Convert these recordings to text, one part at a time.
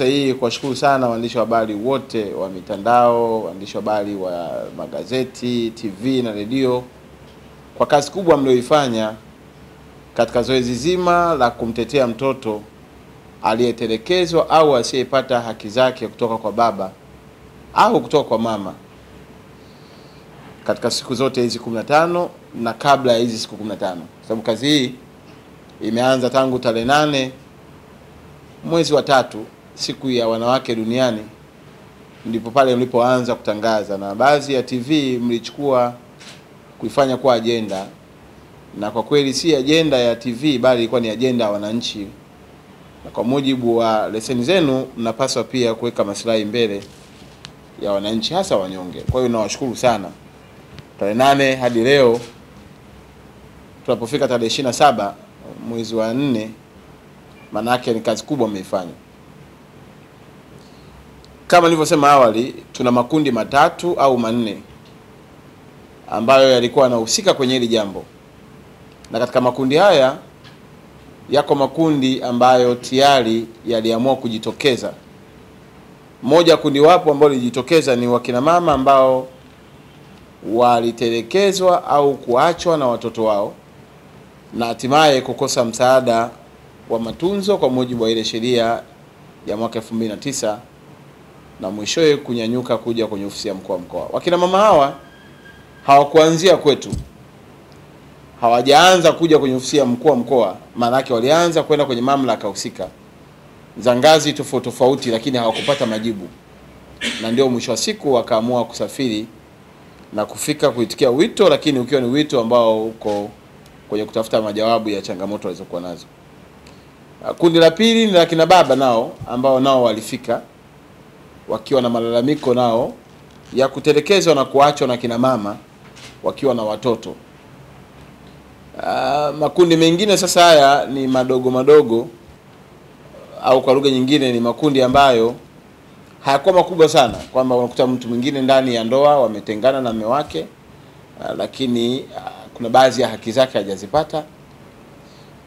fursa hii kuwashukuru sana waandishi wa habari wote wa mitandao, waandishi wa habari wa magazeti, TV na redio kwa kazi kubwa mlioifanya katika zoezi zima la kumtetea mtoto aliyetelekezwa au asiyepata haki zake kutoka kwa baba au kutoka kwa mama katika siku zote hizi 15 na kabla ya hizi siku 15, kwa sababu kazi hii imeanza tangu tarehe nane mwezi wa tatu siku ya wanawake duniani ndipo pale mlipoanza kutangaza, na baadhi ya TV mlichukua kuifanya kuwa ajenda, na kwa kweli si ajenda ya TV bali ilikuwa ni ajenda ya wananchi, na kwa mujibu wa leseni zenu mnapaswa pia kuweka maslahi mbele ya wananchi, hasa wanyonge. Kwa hiyo nawashukuru sana. Tarehe nane hadi leo tunapofika tarehe ishirini na saba mwezi wa nne, maana yake ni kazi kubwa mmeifanya. Kama nilivyosema awali, tuna makundi matatu au manne ambayo yalikuwa yanahusika kwenye hili jambo, na katika makundi haya yako makundi ambayo tayari yaliamua kujitokeza. Moja kundi wapo ambao lilijitokeza ni wakina mama ambao walitelekezwa au kuachwa na watoto wao na hatimaye kukosa msaada wa matunzo kwa mujibu wa ile sheria ya mwaka 2009 na mwishowe kunyanyuka kuja kwenye ofisi ya mkuu wa mkoa. Wakina mama hawa hawakuanzia kwetu, hawajaanza kuja kwenye ofisi ya mkuu wa mkoa, maanake walianza kwenda kwenye mamlaka husika za ngazi tofauti tofauti, lakini hawakupata majibu, na ndio mwisho wa siku wakaamua kusafiri na kufika kuitikia wito, lakini ukiwa ni wito ambao uko kwenye kutafuta majawabu ya changamoto walizokuwa nazo. Kundi la pili ni la kina baba nao ambao nao walifika wakiwa na malalamiko nao ya kutelekezwa na kuachwa na kina mama wakiwa na watoto. Uh, makundi mengine sasa haya ni madogo madogo au kwa lugha nyingine ni makundi ambayo hayakuwa makubwa sana, kwamba unakuta mtu mwingine ndani ya ndoa wametengana na mume wake uh, lakini uh, kuna baadhi ya haki zake hajazipata.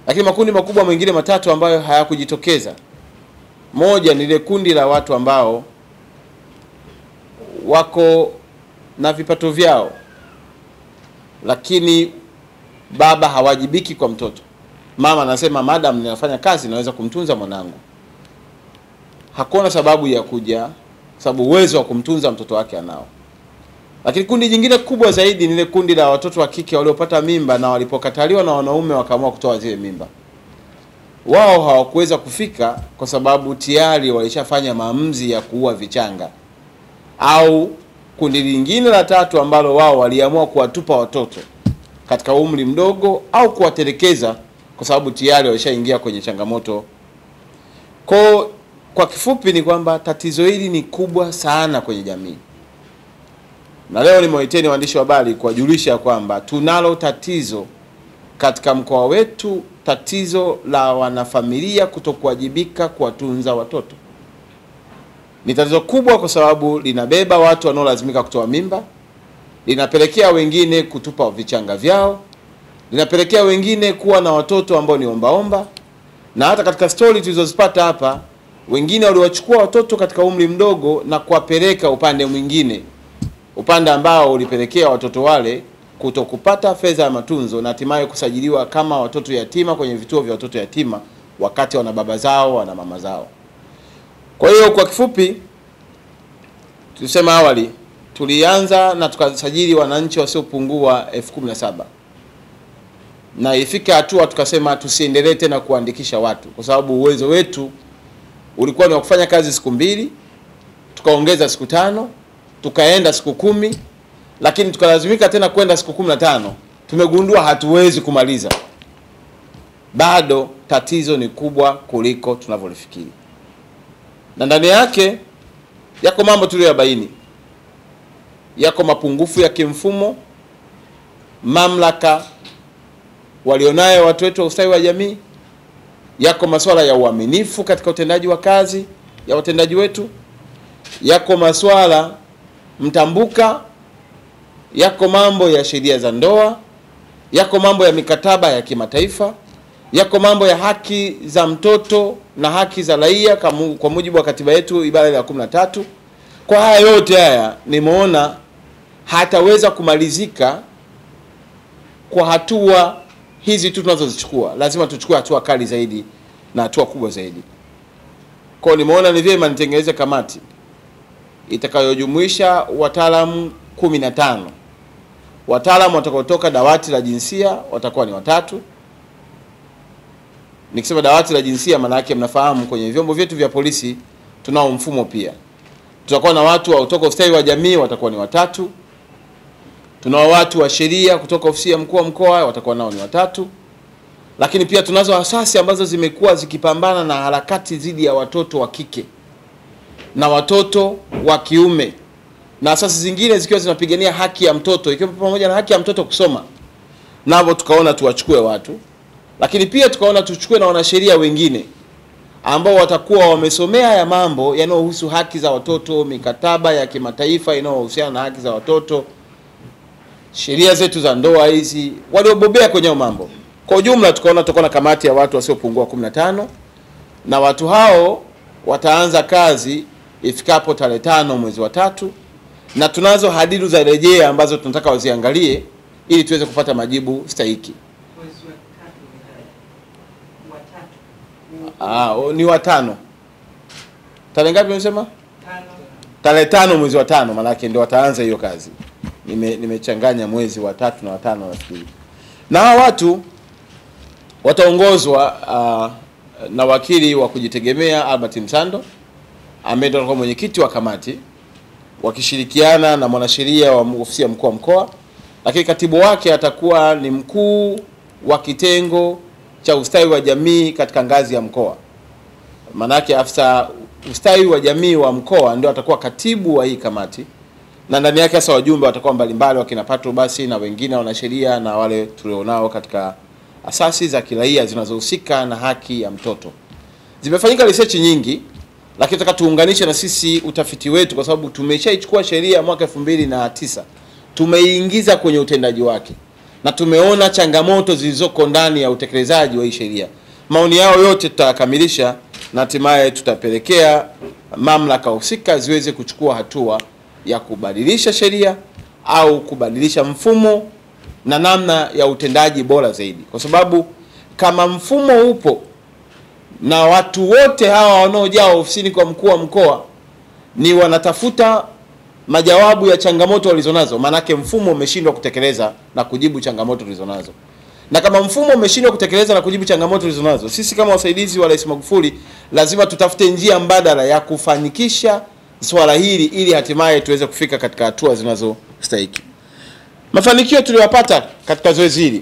Lakini makundi makubwa mengine matatu ambayo hayakujitokeza, moja ni ile kundi la watu ambao wako na vipato vyao, lakini baba hawajibiki kwa mtoto. Mama anasema madam, ninafanya kazi, naweza kumtunza mwanangu. Hakuna sababu ya kuja, sababu uwezo wa kumtunza mtoto wake anao. Lakini kundi jingine kubwa zaidi ni ile kundi la watoto wa kike waliopata mimba na walipokataliwa na wanaume wakaamua kutoa zile mimba. Wao hawakuweza kufika kwa sababu tayari walishafanya maamuzi ya kuua vichanga au kundi lingine la tatu ambalo wao waliamua kuwatupa watoto katika umri mdogo au kuwatelekeza kwa sababu tayari walishaingia kwenye changamoto. Kwa kwa kifupi ni kwamba tatizo hili ni kubwa sana kwenye jamii, na leo nimewaiteni waandishi wa habari kuwajulisha kwamba tunalo tatizo katika mkoa wetu, tatizo la wanafamilia kutokuwajibika kuwatunza watoto. Ni tatizo kubwa kwa sababu linabeba watu wanaolazimika kutoa mimba, linapelekea wengine kutupa vichanga vyao, linapelekea wengine kuwa na watoto ambao ni ombaomba, na hata katika stori tulizozipata hapa, wengine waliwachukua watoto katika umri mdogo na kuwapeleka upande mwingine, upande ambao ulipelekea watoto wale kutokupata fedha ya matunzo na hatimaye kusajiliwa kama watoto yatima kwenye vituo vya watoto yatima, wakati wana baba zao wana mama zao. Kwa hiyo kwa kifupi, tulisema awali tulianza na tukasajili wananchi wasiopungua elfu kumi na saba na ifika hatua tukasema tusiendelee tena kuandikisha watu kwa sababu uwezo wetu ulikuwa ni wa kufanya kazi siku mbili, tukaongeza siku tano, tukaenda siku kumi, lakini tukalazimika tena kwenda siku kumi na tano. Tumegundua hatuwezi kumaliza, bado tatizo ni kubwa kuliko tunavyolifikiri na ndani yake yako mambo tuliyoyabaini, yako mapungufu ya kimfumo, mamlaka walionayo watu wetu wa ustawi wa jamii, yako masuala ya uaminifu katika utendaji wa kazi ya watendaji wetu, yako masuala mtambuka, yako mambo ya sheria za ndoa, yako mambo ya mikataba ya kimataifa yako mambo ya haki za mtoto na haki za raia kwa mujibu wa katiba yetu ibara ya tatu. Kwa haya yote haya nimeona hataweza kumalizika kwa hatua hizi tu tunazozichukua. Lazima tuchukue hatua kali zaidi na hatua kubwa zaidi. Kwa hiyo nimeona ni vyema nitengeneze kamati itakayojumuisha wataalamu kumi na tano. Wataalamu watakaotoka dawati la jinsia watakuwa ni watatu Nikisema dawati la jinsia, maana yake mnafahamu kwenye vyombo vyetu vya polisi tunao mfumo pia. Tutakuwa na watu wa kutoka ustawi wa jamii watakuwa ni watatu. Tunao watu wa sheria kutoka ofisi ya mkuu wa mkoa watakuwa nao ni watatu. Lakini pia tunazo asasi ambazo zimekuwa zikipambana na harakati dhidi ya watoto wa kike na watoto wa kiume na asasi zingine zikiwa zinapigania haki ya mtoto ikiwa pamoja na haki ya mtoto kusoma, navyo tukaona tuwachukue watu lakini pia tukaona tuchukue na wanasheria wengine ambao watakuwa wamesomea haya mambo yanayohusu haki za watoto, mikataba ya kimataifa inayohusiana na haki za watoto, sheria zetu za ndoa hizi, waliobobea kwenye hayo mambo. Kwa ujumla, tukaona tutakuwa na kamati ya watu wasiopungua 15 na watu hao wataanza kazi ifikapo tarehe tano mwezi wa tatu, na tunazo hadidu za rejea ambazo tunataka waziangalie ili tuweze kupata majibu stahiki. Ah, ni watano. Tarehe ngapi umesema? Tano. Tarehe tano mwezi wa tano, maanake ndio wataanza hiyo kazi. Nime nimechanganya mwezi wa tatu na watano nafikiri. Na hawa watu wataongozwa uh, na wakili wa kujitegemea Albert Msando ambaye ndio mwenyekiti wa kamati wakishirikiana na mwanasheria wa ofisi ya mkuu wa mkoa, lakini katibu wake atakuwa ni mkuu wa kitengo cha ustawi wa jamii katika ngazi ya mkoa. Maanake afisa ustawi wa jamii wa mkoa ndio atakuwa katibu wa hii kamati, na ndani yake sasa wajumbe watakuwa mbalimbali, wakina basi na wengine wanasheria na wale tulionao katika asasi za kiraia zinazohusika na haki ya mtoto. Zimefanyika research nyingi, lakini nataka tuunganishe na sisi utafiti wetu, kwa sababu tumeshaichukua sheria mwaka 2009 tumeiingiza kwenye utendaji wake na tumeona changamoto zilizoko ndani ya utekelezaji wa hii sheria. Maoni yao yote tutayakamilisha na hatimaye tutapelekea mamlaka husika ziweze kuchukua hatua ya kubadilisha sheria au kubadilisha mfumo na namna ya utendaji bora zaidi, kwa sababu kama mfumo upo na watu wote hawa wanaojaa ofisini kwa mkuu wa mkoa ni wanatafuta majawabu ya changamoto walizonazo, maanake mfumo umeshindwa kutekeleza na kujibu changamoto tulizonazo. Na kama mfumo umeshindwa kutekeleza na kujibu changamoto tulizonazo, sisi kama wasaidizi wa Rais Magufuli lazima tutafute njia mbadala ya kufanikisha swala hili ili hatimaye tuweze kufika katika hatua zinazostahiki. Mafanikio tuliyopata katika zoezi hili,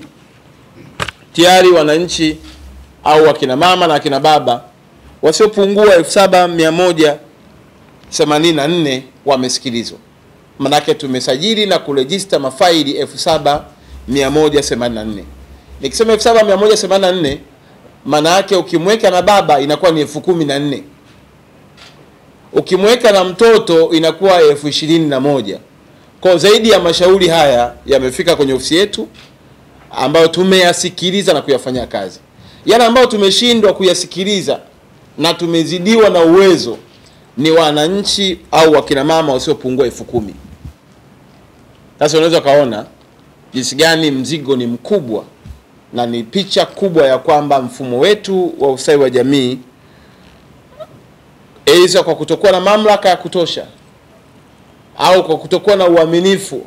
tayari wananchi au wakina mama na wakina baba wasiopungua elfu saba mia moja 84 wamesikilizwa. Manake tumesajili na kurejista mafaili 7184. Nikisema 7184 manake ukimweka na baba inakuwa ni elfu kumi na nne ukimweka na mtoto inakuwa elfu ishirini na moja kwa zaidi ya mashauri haya yamefika kwenye ofisi yetu ambayo tumeyasikiliza na kuyafanyia kazi. Yale ambayo tumeshindwa kuyasikiliza na tumezidiwa na uwezo ni wananchi au wakina mama wasiopungua elfu kumi. Sasa unaweza kaona jinsi gani mzigo ni mkubwa na ni picha kubwa ya kwamba mfumo wetu wa ustawi wa jamii aidha kwa kutokuwa na mamlaka ya kutosha au kwa kutokuwa na uaminifu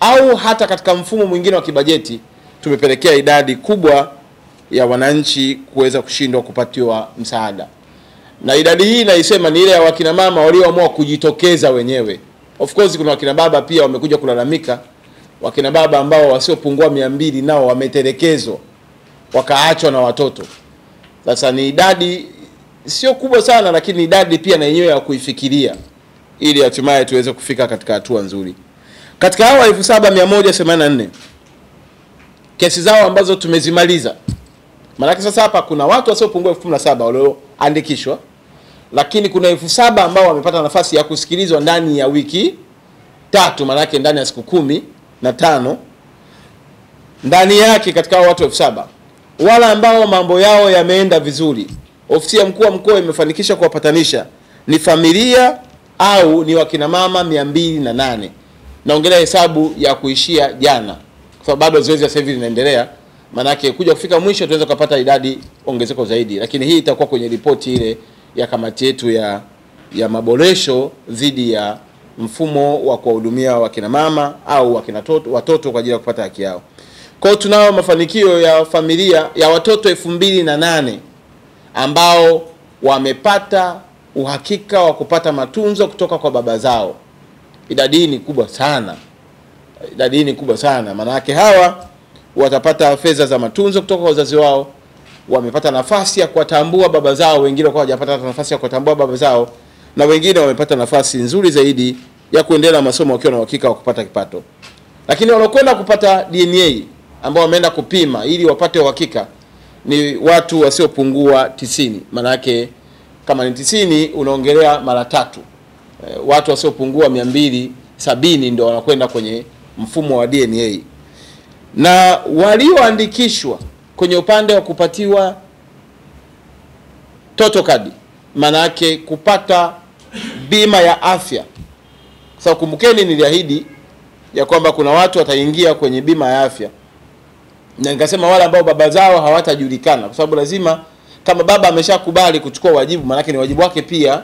au hata katika mfumo mwingine wa kibajeti tumepelekea idadi kubwa ya wananchi kuweza kushindwa kupatiwa msaada na idadi hii naisema ni ile ya wakina mama walioamua kujitokeza wenyewe. Of course kuna wakina baba pia wamekuja kulalamika, wakina baba ambao wasiopungua mia mbili nao wametelekezwa wakaachwa na watoto. Sasa ni idadi sio kubwa sana, lakini idadi pia na yenyewe ya kuifikiria ili hatimaye tuweze kufika katika hatua nzuri. Katika hawa 7184 kesi zao ambazo tumezimaliza, maanake sasa hapa kuna watu wasiopungua 17 walioandikishwa lakini kuna elfu saba ambao wamepata nafasi ya kusikilizwa ndani ya wiki tatu, yake ndani ya siku kumi na tano. Ndani yake katika hao watu elfu saba wale ambao mambo yao yameenda vizuri, ofisi ya mkuu wa mkoa imefanikisha kuwapatanisha ni familia au ni wakinamama mia mbili na nane. Naongelea hesabu ya kuishia jana, kwa sababu bado zoezi la sasa hivi linaendelea maanake kuja kufika mwisho tunaweza kupata idadi ongezeko zaidi, lakini hii itakuwa kwenye ripoti ile ya kamati yetu ya, ya maboresho dhidi ya mfumo wa kuwahudumia wakina mama au wakina toto, watoto kwa ajili ya kupata haki yao. Kwa tunao tunayo mafanikio ya familia ya watoto elfu mbili na nane ambao wamepata uhakika wa kupata matunzo kutoka kwa baba zao. Idadi hii ni kubwa sana, idadi hii ni kubwa sana. Maana yake hawa watapata fedha za matunzo kutoka kwa wazazi wao wamepata nafasi ya kuwatambua baba zao, wengine wakawa hawajapata nafasi ya kuwatambua baba zao, na wengine wamepata nafasi nzuri zaidi ya kuendelea masomo wakiwa na uhakika wa kupata kipato. Lakini wanaokwenda kupata DNA ambao wameenda kupima ili wapate uhakika ni watu wasiopungua tisini. Maana yake kama ni tisini unaongelea mara tatu, e, watu wasiopungua mia mbili sabini ndio wanakwenda kwenye mfumo wa DNA na walioandikishwa kwenye upande wa kupatiwa toto kadi, maana yake kupata bima ya afya. Sasa kumbukeni, niliahidi ya kwamba kuna watu wataingia kwenye bima ya afya, na nikasema wale ambao baba zao hawatajulikana, kwa sababu lazima kama baba ameshakubali kuchukua wajibu, maanake ni wajibu wake pia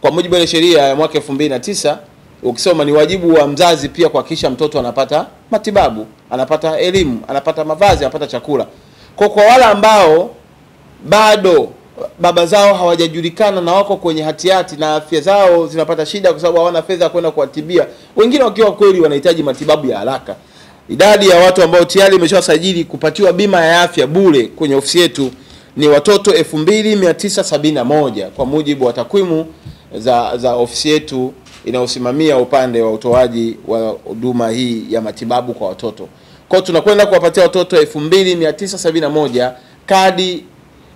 kwa mujibu wa sheria ya mwaka 2009 ukisoma, ni wajibu wa mzazi pia kuhakikisha mtoto anapata matibabu, anapata elimu, anapata mavazi, anapata chakula. Kwa kwa wale ambao bado baba zao hawajajulikana na wako kwenye hatihati na afya zao zinapata shida kwa sababu hawana fedha kwenda kuwatibia, wengine wakiwa kweli wanahitaji matibabu ya haraka. Idadi ya watu ambao tayari imeshawasajili kupatiwa bima ya afya bure kwenye ofisi yetu ni watoto 2971 kwa mujibu wa takwimu za, za ofisi yetu inayosimamia upande wa utoaji wa huduma hii ya matibabu kwa watoto. Kwa tunakwenda kuwapatia watoto 2971 kadi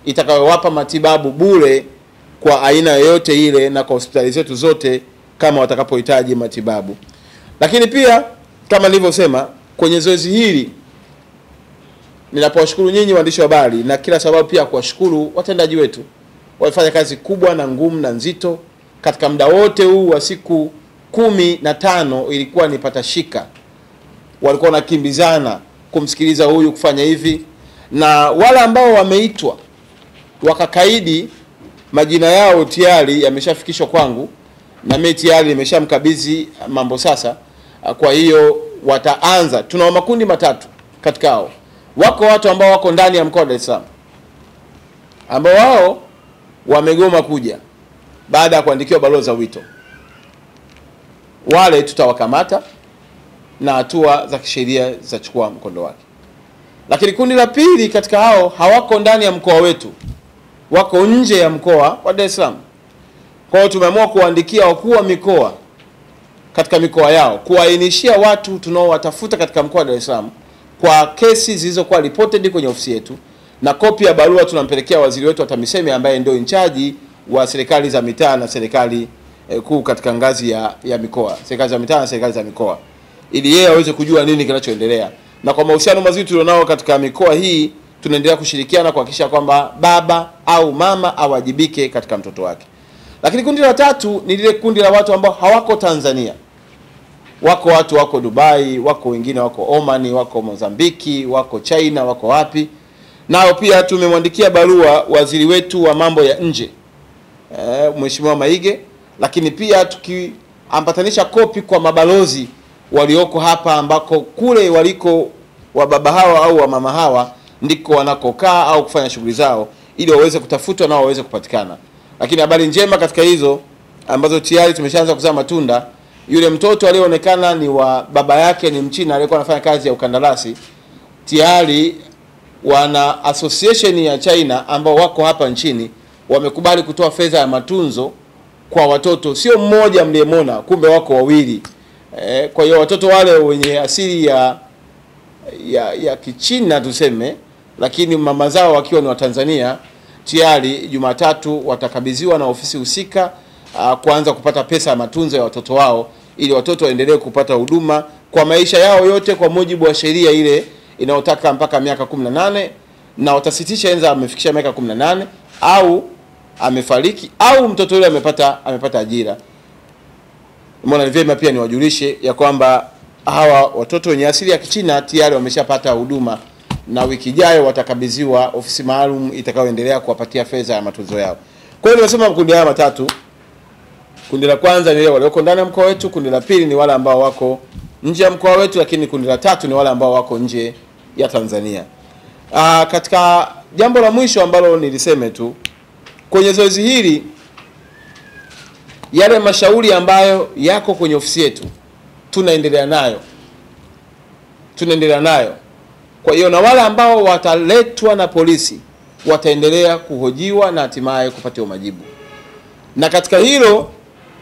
itakayowapa matibabu bure kwa aina yoyote ile na kwa hospitali zetu zote kama watakapohitaji matibabu. Lakini pia kama nilivyosema kwenye zoezi hili, ninapowashukuru nyinyi waandishi wa habari na kila sababu pia kuwashukuru watendaji wetu, wamefanya kazi kubwa na ngumu na nzito katika muda wote huu wa siku kumi na tano, ilikuwa ni patashika walikuwa wanakimbizana kumsikiliza huyu kufanya hivi, na wale ambao wameitwa wakakaidi, majina yao tayari yameshafikishwa kwangu na mimi tayari nimeshamkabidhi mambo sasa. Kwa hiyo wataanza, tuna makundi matatu katika hao. Wako watu ambao wako ndani ya mkoa wa Dar es Salaam ambao wao wamegoma kuja baada ya kuandikiwa barua za wito, wale tutawakamata na hatua za kisheria zitachukua mkondo wake. Lakini kundi la pili katika hao hawako ndani ya mkoa wetu, wako nje ya mkoa wa Dar es Salaam. Kwa hiyo tumeamua kuwaandikia wakuu wa mikoa katika mikoa yao, kuwaainishia watu tunaowatafuta katika mkoa wa Dar es Salaam kwa kesi zilizokuwa reported kwenye ofisi yetu, na kopi ya barua tunampelekea waziri wetu wa TAMISEMI ambaye ndio inchaji wa serikali za mitaa na serikali eh, kuu katika ngazi ya, ya mikoa serikali za mitaa na serikali za mikoa ili yeye aweze kujua nini kinachoendelea. Na kwa mahusiano mazuri tulionao katika mikoa hii, tunaendelea kushirikiana kuhakikisha kwamba baba au mama awajibike katika mtoto wake. Lakini kundi la tatu ni lile kundi la watu ambao hawako Tanzania, wako watu wako Dubai, wako wengine wako Omani, wako Mozambiki, wako China, wako wapi. Nao pia tumemwandikia barua waziri wetu wa mambo ya nje e, Mheshimiwa Maige, lakini pia tukiambatanisha kopi kwa mabalozi walioko hapa ambako kule waliko wa baba hawa au wa mama hawa ndiko wanakokaa au kufanya shughuli zao, ili waweze kutafutwa na waweze kupatikana. Lakini habari njema katika hizo ambazo tayari tumeshaanza kuzaa matunda, yule mtoto aliyeonekana ni wa baba yake ni Mchina aliyekuwa anafanya kazi ya ukandarasi, tayari wana association ya China ambao wako hapa nchini wamekubali kutoa fedha ya matunzo kwa watoto, sio mmoja mliemona kumbe wako wawili eh, kwa hiyo watoto wale wenye asili ya, ya, ya Kichina tuseme, lakini mama zao wakiwa ni Watanzania tayari Jumatatu watakabidhiwa na ofisi husika ah, kuanza kupata pesa ya matunzo ya watoto wao ili watoto waendelee kupata huduma kwa maisha yao yote kwa mujibu wa sheria ile inayotaka mpaka miaka 18 na watasitisha enza amefikisha miaka 18 au amefariki au mtoto yule amepata amepata ajira. Mbona ni vyema pia niwajulishe ya kwamba hawa watoto wenye asili ya Kichina tayari wameshapata huduma na wiki ijayo watakabidhiwa ofisi maalum itakayoendelea kuwapatia fedha ya matunzo yao. Kwa hiyo nimesema makundi haya matatu. Kundi la kwanza ni wale walioko ndani ya mkoa wetu, kundi la pili ni wale ambao wako nje ya mkoa wetu, lakini kundi la tatu ni wale ambao wako nje ya Tanzania. Aa, ah, katika jambo la mwisho ambalo niliseme tu kwenye zoezi hili yale mashauri ambayo yako kwenye ofisi yetu tunaendelea nayo, tunaendelea nayo. Kwa hiyo na wale ambao wataletwa na polisi wataendelea kuhojiwa na hatimaye kupatiwa majibu. Na katika hilo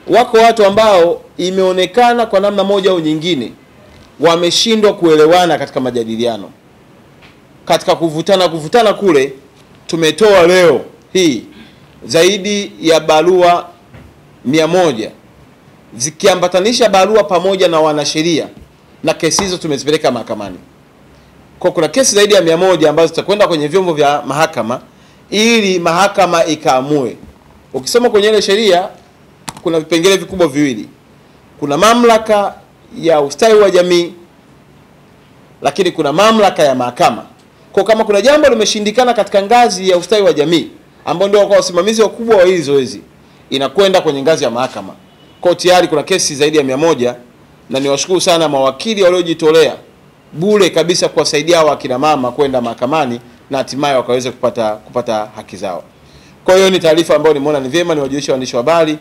wako watu ambao imeonekana kwa namna moja au nyingine wameshindwa kuelewana katika majadiliano, katika kuvutana kuvutana kule, tumetoa leo hii zaidi ya barua mia moja zikiambatanisha barua pamoja na wanasheria, na kesi hizo tumezipeleka mahakamani. Kwa kuna kesi zaidi ya mia moja ambazo zitakwenda kwenye vyombo vya mahakama ili mahakama ikaamue. Ukisoma kwenye ile sheria kuna vipengele vikubwa viwili, kuna mamlaka ya ustawi wa jamii, lakini kuna mamlaka ya mahakama. Kwa kama kuna jambo limeshindikana katika ngazi ya ustawi wa jamii, ambao ndio kwa wasimamizi wakubwa wa hili zoezi inakwenda kwenye ngazi ya mahakama. Kwa tayari kuna kesi zaidi ya mia moja na niwashukuru sana mawakili waliojitolea bure kabisa kuwasaidia hawa akina mama kwenda mahakamani na hatimaye wakaweze kupata, kupata haki zao. Kwa hiyo ni taarifa ambayo nimeona ni vyema niwajulishe waandishi wa habari,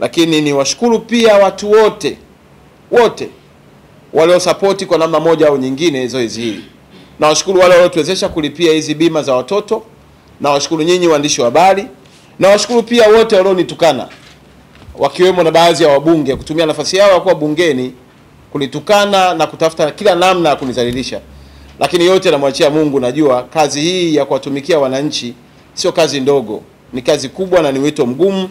lakini niwashukuru pia watu wote wote waliosapoti kwa namna moja au nyingine zoezi hili. Nawashukuru wale waliotuwezesha kulipia hizi bima za watoto. Nawashukuru nyinyi waandishi wa habari. Nawashukuru pia wote walionitukana wakiwemo na baadhi ya wabunge kutumia nafasi yao ya kuwa bungeni kunitukana na kutafuta kila namna ya kunizalilisha, lakini yote namwachia Mungu. Najua kazi hii ya kuwatumikia wananchi sio kazi ndogo, ni kazi kubwa na ni wito mgumu.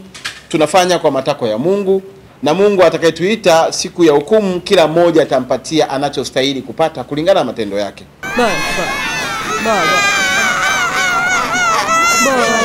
Tunafanya kwa matakwa ya Mungu, na Mungu atakayetuita siku ya hukumu, kila mmoja atampatia anachostahili kupata kulingana na matendo yake. Baba, baba, baba.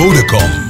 Vodacom.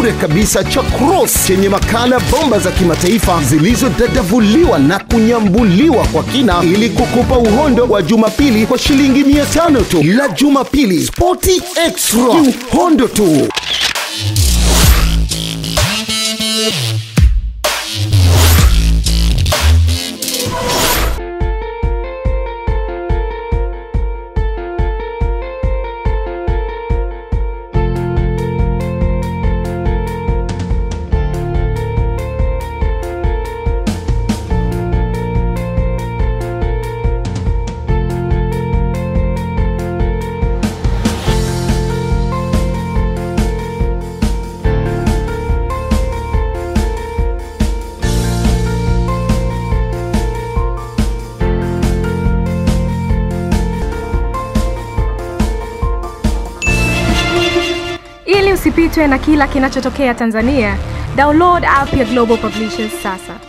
bure kabisa cha Cross chenye makala bomba za kimataifa zilizodadavuliwa na kunyambuliwa kwa kina ili kukupa uhondo wa Jumapili kwa shilingi mia tano tu. La Jumapili Sporti Extra, uhondo tu. upatwe na kila kinachotokea Tanzania. Download app ya Global Publishers sasa.